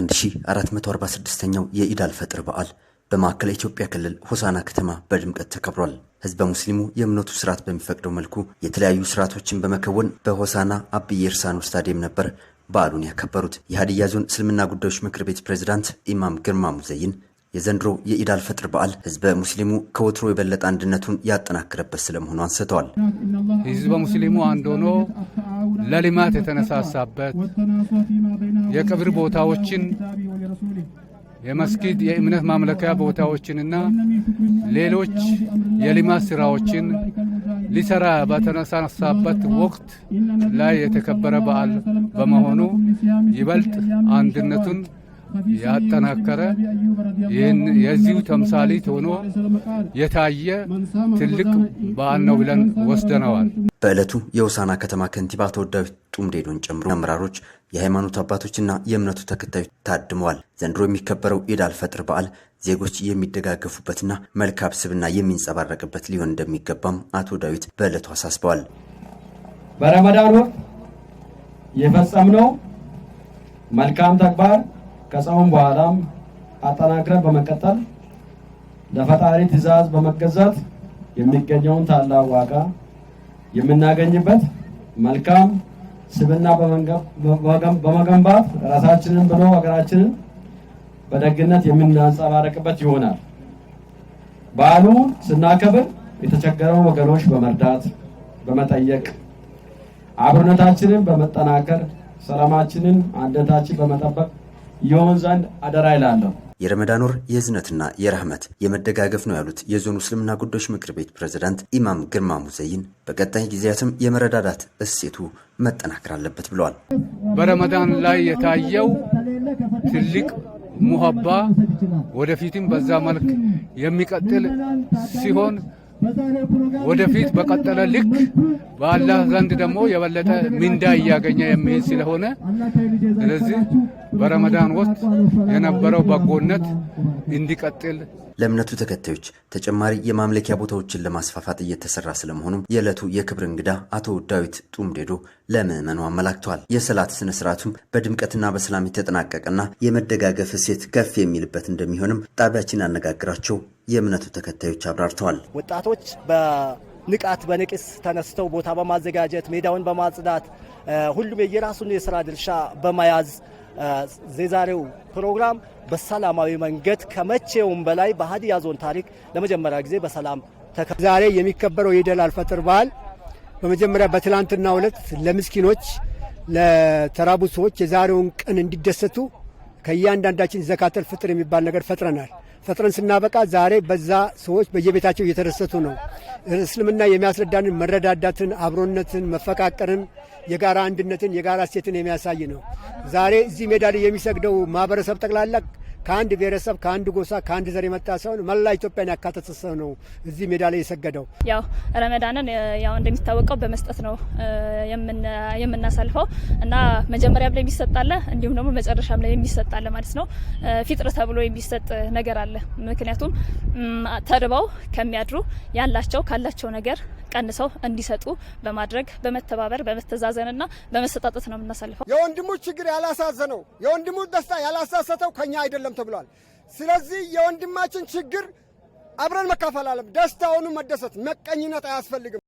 1446ኛው የኢዳል ፈጥር በዓል በማዕከላዊ ኢትዮጵያ ክልል ሆሳና ከተማ በድምቀት ተከብሯል። ህዝበ ሙስሊሙ የእምነቱ ስርዓት በሚፈቅደው መልኩ የተለያዩ ስርዓቶችን በመከወን በሆሳና አብይ እርሳኖ ስታዲየም ነበር በዓሉን ያከበሩት። የሀዲያ ዞን እስልምና ጉዳዮች ምክር ቤት ፕሬዝዳንት ኢማም ግርማ ሙዘይን የዘንድሮ የኢዳል ፈጥር በዓል ህዝበ ሙስሊሙ ከወትሮ የበለጠ አንድነቱን ያጠናክረበት ስለመሆኑ አንስተዋል። ህዝበ ሙስሊሙ አንድ ሆኖ ለልማት የተነሳሳበት የቅብር ቦታዎችን የመስጊድ የእምነት ማምለኪያ ቦታዎችንና ሌሎች የልማት ሥራዎችን ሊሰራ በተነሳሳበት ወቅት ላይ የተከበረ በዓል በመሆኑ ይበልጥ አንድነቱን ያጠናከረ ይህን የዚሁ ተምሳሌት ሆኖ የታየ ትልቅ በዓል ነው ብለን ወስደነዋል። በዕለቱ የውሳና ከተማ ከንቲባ አቶ ዳዊት ጡምዴዶን ጨምሮ አመራሮች፣ የሃይማኖት አባቶችና የእምነቱ ተከታዮች ታድመዋል። ዘንድሮ የሚከበረው ኢድ አልፈጥር በዓል ዜጎች የሚደጋገፉበትና መልካም ስብዕና የሚንጸባረቅበት ሊሆን እንደሚገባም አቶ ዳዊት በዕለቱ አሳስበዋል። በረመዳን ወቅት የፈጸምነው መልካም ተግባር ከጾም በኋላም አጠናክረን በመቀጠል ለፈጣሪ ትእዛዝ በመገዛት የሚገኘውን ታላቅ ዋጋ የምናገኝበት መልካም ስብና በመገንባት ራሳችንን ብሎ ሀገራችንን በደግነት የምናንጸባረቅበት ይሆናል። በዓሉ ስናከብር የተቸገረው ወገኖች በመርዳት በመጠየቅ አብሮነታችንን በመጠናከር ሰላማችንን አንድነታችን በመጠበቅ የሆን ዘንድ አደራ ይላለሁ። የረመዳን ወር የእዝነትና የረህመት የመደጋገፍ ነው ያሉት የዞኑ እስልምና ጉዳዮች ምክር ቤት ፕሬዝዳንት ኢማም ግርማ ሙዘይን በቀጣይ ጊዜያትም የመረዳዳት እሴቱ መጠናከር አለበት ብለዋል። በረመዳን ላይ የታየው ትልቅ ሙሀባ ወደፊትም በዛ መልክ የሚቀጥል ሲሆን ወደፊት በቀጠለ ልክ በአላህ ዘንድ ደግሞ የበለጠ ምንዳ እያገኘ የሚሄድ ስለሆነ ስለዚህ በረመዳን ወቅት የነበረው በጎነት እንዲቀጥል ለእምነቱ ተከታዮች ተጨማሪ የማምለኪያ ቦታዎችን ለማስፋፋት እየተሰራ ስለመሆኑም የዕለቱ የክብር እንግዳ አቶ ዳዊት ጡምዴዶ ለምዕመኑ አመላክተዋል። የሰላት ስነ ስርዓቱም በድምቀትና በሰላም የተጠናቀቀና የመደጋገፍ እሴት ከፍ የሚልበት እንደሚሆንም ጣቢያችን ያነጋግራቸው የእምነቱ ተከታዮች አብራርተዋል። ወጣቶች በንቃት በንቅስ ተነስተው ቦታ በማዘጋጀት ሜዳውን በማጽዳት ሁሉም የየራሱን የስራ ድርሻ በመያዝ የዛሬው ፕሮግራም በሰላማዊ መንገድ ከመቼውም በላይ በሀዲያ ዞን ታሪክ ለመጀመሪያ ጊዜ በሰላም ዛሬ የሚከበረው የኢድ አልፈጥር በዓል በመጀመሪያ በትላንትና ዕለት ለምስኪኖች ለተራቡ ሰዎች የዛሬውን ቀን እንዲደሰቱ ከእያንዳንዳችን ዘካተል ፍጥር የሚባል ነገር ፈጥረናል። ፈጥረን ስናበቃ ዛሬ በዛ ሰዎች በየቤታቸው እየተደሰቱ ነው። እስልምና የሚያስረዳንን መረዳዳትን፣ አብሮነትን፣ መፈቃቀርን፣ የጋራ አንድነትን፣ የጋራ ሴትን የሚያሳይ ነው። ዛሬ እዚህ ሜዳ ላይ የሚሰግደው ማህበረሰብ ጠቅላላ ከአንድ ብሔረሰብ፣ ከአንድ ጎሳ፣ ከአንድ ዘር የመጣ ሳይሆን መላ ኢትዮጵያን ያካተተ ሰው ነው እዚህ ሜዳ ላይ የሰገደው። ያው ረመዳንን ያው እንደሚታወቀው በመስጠት ነው የምናሳልፈው እና መጀመሪያም ላይ የሚሰጣለ እንዲሁም ደግሞ መጨረሻም ላይ የሚሰጣለ ማለት ነው። ፊጥር ተብሎ የሚሰጥ ነገር አለ። ምክንያቱም ተርበው ከሚያድሩ ያላቸው ካላቸው ነገር ቀንሰው እንዲሰጡ በማድረግ በመተባበር በመተዛዘንና በመሰጣጠት ነው የምናሳልፈው። የወንድሙ ችግር ያላሳዘነው የወንድሙ ደስታ ያላሳሰተው ከኛ አይደለም አይደለም ተብሏል። ስለዚህ የወንድማችን ችግር አብረን መካፈል አለም፣ ደስታውኑ መደሰት መቀኝነት አያስፈልግም።